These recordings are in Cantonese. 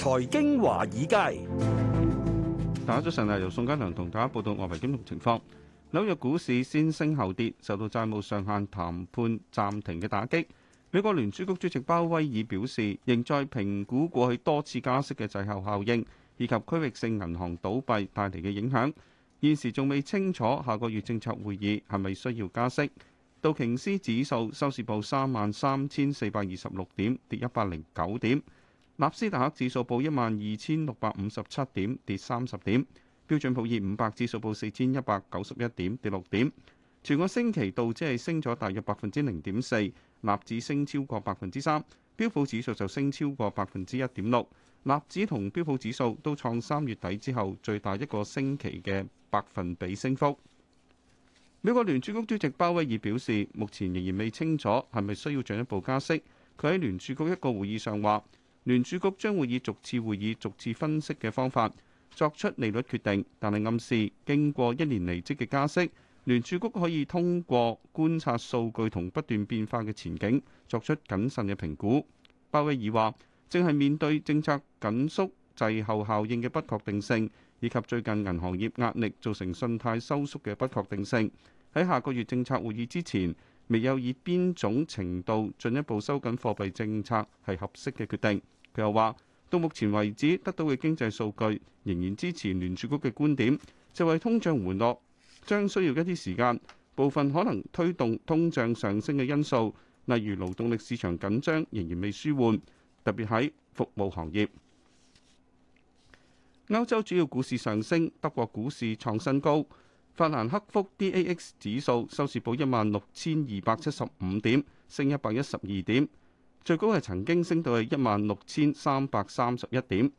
財經華爾街，大家早晨啊，由宋家良同大家報道外圍金融情況。紐約股市先升後跌，受到債務上限談判暫停嘅打擊。美國聯儲局主席鮑威爾表示，仍在評估過去多次加息嘅滯後效應，以及區域性銀行倒閉帶嚟嘅影響。現時仲未清楚下個月政策會議係咪需要加息。道瓊斯指數收市報三萬三千四百二十六點，跌一百零九點。納斯達克指數報一萬二千六百五十七點，跌三十點。標準普爾五百指數報四千一百九十一點，跌六點。全個星期度即係升咗大約百分之零點四，納指升超過百分之三，標普指數就升超過百分之一點六。納指同標普指數都創三月底之後最大一個星期嘅百分比升幅。美國聯儲局主席鮑威爾表示，目前仍然未清楚係咪需要進一步加息。佢喺聯儲局一個會議上話：聯儲局將會以逐次會議、逐次分析嘅方法作出利率決定，但係暗示經過一年嚟積極嘅加息，聯儲局可以通過觀察數據同不斷變化嘅前景作出謹慎嘅評估。鮑威爾話：正係面對政策緊縮滯後效應嘅不確定性，以及最近銀行業壓力造成信貸收縮嘅不確定性，喺下個月政策會議之前，未有以邊種程度進一步收緊貨幣政策係合適嘅決定。佢又話，到目前為止得到嘅經濟數據仍然支持聯儲局嘅觀點就係，就係通脹回落將需要一啲時間，部分可能推動通脹上升嘅因素，例如勞動力市場緊張仍然未舒緩，特別喺服務行業。歐洲主要股市上升，德國股市創新高。法蘭克福 DAX 指數收市報一萬六千二百七十五點，升一百一十二點，最高係曾經升到一萬六千三百三十一點。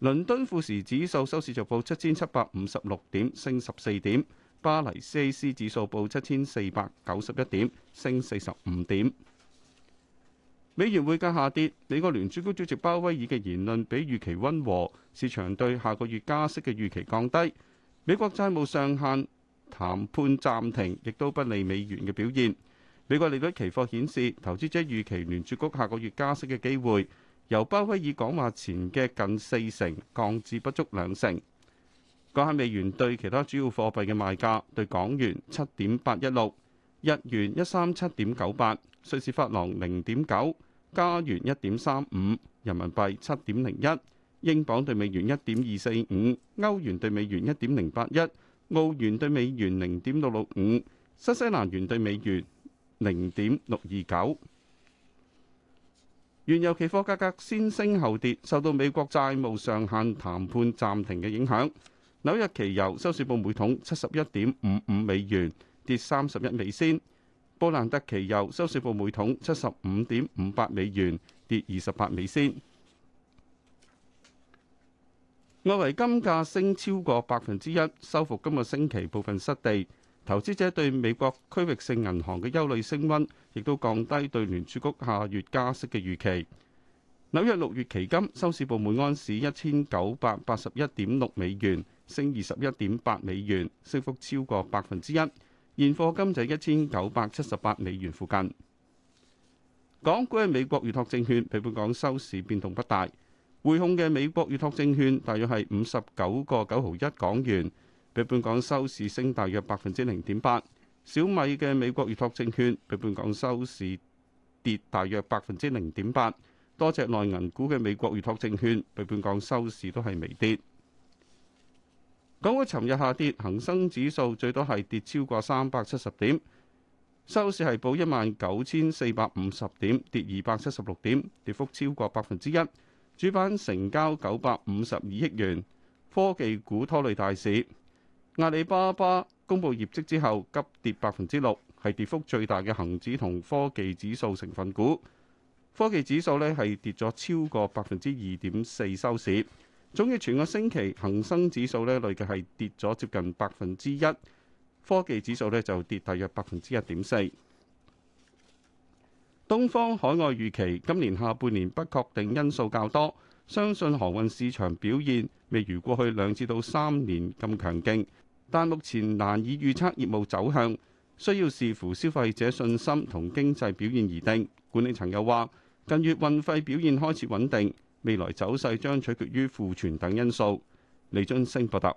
倫敦富時指數收市就報七千七百五十六點，升十四點。巴黎 CAC 指數報七千四百九十一點，升四十五點。美元匯價下跌，美國聯儲局主席鮑威爾嘅言論比預期溫和，市場對下個月加息嘅預期降低。美國債務上限談判暫停，亦都不利美元嘅表現。美國利率期貨顯示，投資者預期聯儲局下個月加息嘅機會由鮑威爾講話前嘅近四成降至不足兩成。講下美元對其他主要貨幣嘅賣價：對港元七點八一六，日元一三七點九八，瑞士法郎零點九，加元一點三五，人民幣七點零一。英鎊兌美元一點二四五，歐元兌美元一點零八一，澳元兌美元零點六六五，新西蘭元兌美元零點六二九。原油期貨價格先升後跌，受到美國債務上限談判暫停嘅影響。紐約期油收市報每桶七十一點五五美元，跌三十一美先。布蘭特期油收市報每桶七十五點五八美元，跌二十八美先。外圍金價升超過百分之一，收復今個星期部分失地。投資者對美國區域性銀行嘅憂慮升溫，亦都降低對聯儲局下月加息嘅預期。紐約六月期金收市報每安士一千九百八十一點六美元，升二十一點八美元，升幅超過百分之一。現貨金就一千九百七十八美元附近。港股喺美國預託證券，比本港收市變動不大。匯控嘅美國預託證券大約係五十九個九毫一港元，比本港收市升大約百分之零點八。小米嘅美國預託證券比本港收市跌大約百分之零點八。多隻內銀股嘅美國預託證券比本港收市都係微跌。港股尋日下跌，恒生指數最多係跌超過三百七十點，收市係報一萬九千四百五十點，跌二百七十六點，跌幅超過百分之一。主板成交九百五十二億元，科技股拖累大市。阿里巴巴公布業績之後急跌百分之六，係跌幅最大嘅恒指同科技指數成分股。科技指數呢係跌咗超過百分之二點四收市。總結全個星期恒生指數呢累計係跌咗接近百分之一，科技指數呢就跌大約百分之一點四。東方海外預期今年下半年不確定因素較多，相信航運市場表現未如過去兩至到三年咁強勁，但目前難以預測業務走向，需要視乎消費者信心同經濟表現而定。管理層又話，近月運費表現開始穩定，未來走勢將取決於庫存等因素。李津升報道。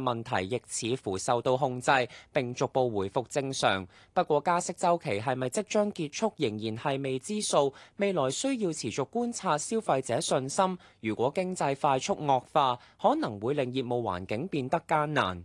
問題亦似乎受到控制，並逐步回復正常。不過，加息週期係咪即將結束，仍然係未知數。未來需要持續觀察消費者信心。如果經濟快速惡化，可能會令業務環境變得艱難。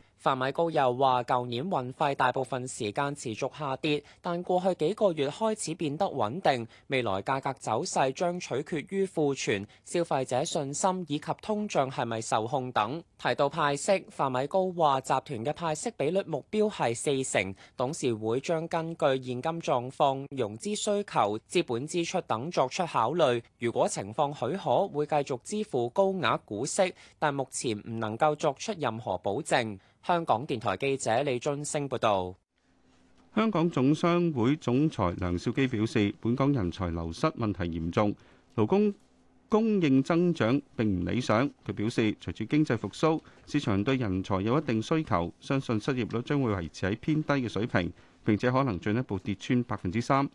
范米高又話舊年運費大部分時間持續下跌，但過去幾個月開始變得穩定。未來價格走勢將取決於庫存、消費者信心以及通脹係咪受控等。提到派息，范米高話集團嘅派息比率目標係四成，董事會將根據現金狀況、融資需求、資本支出等作出考慮，如果情況許可，會繼續支付高額股息，但目前唔能夠作出任何保證。香港電台記者李俊升報道，香港總商會總裁梁兆基表示，本港人才流失問題嚴重，勞工供應增長並唔理想。佢表示，隨住經濟復甦，市場對人才有一定需求，相信失業率將會維持喺偏低嘅水平，並且可能進一步跌穿百分之三。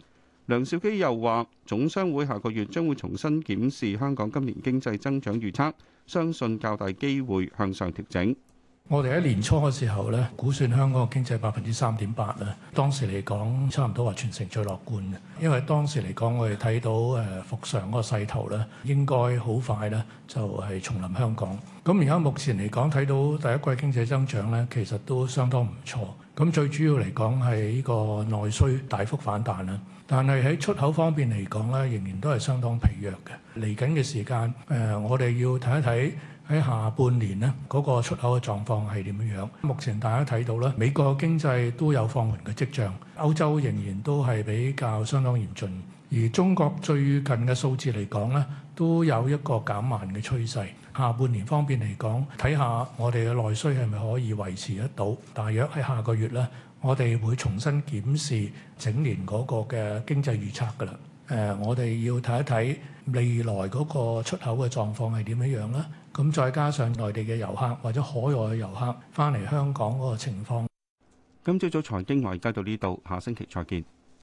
梁兆基又話，總商會下個月將會重新檢視香港今年經濟增長預測，相信較大機會向上調整。我哋喺年初嘅時候咧，估算香港嘅經濟百分之三點八啦。當時嚟講，差唔多話全城最樂觀嘅，因為當時嚟講，我哋睇到誒、呃、復常嗰個勢頭咧，應該好快咧就係重臨香港。咁而家目前嚟講，睇到第一季經濟增長咧，其實都相當唔錯。咁最主要嚟講，係呢個內需大幅反彈啦。但係喺出口方面嚟講咧，仍然都係相當疲弱嘅。嚟緊嘅時間、呃，我哋要睇一睇。喺下半年呢，嗰個出口嘅狀況係點樣樣？目前大家睇到啦，美國經濟都有放緩嘅跡象，歐洲仍然都係比較相當嚴峻，而中國最近嘅數字嚟講咧，都有一個減慢嘅趨勢。下半年方面嚟講，睇下我哋嘅內需係咪可以維持得到？大約喺下個月咧，我哋會重新檢視整年嗰個嘅經濟預測噶啦。誒，我哋要睇一睇未來嗰個出口嘅狀況，係點樣樣啦。咁再加上內地嘅遊客或者海外嘅遊客翻嚟香港嗰個情況。今朝早財經華爾街到呢度，下星期再見。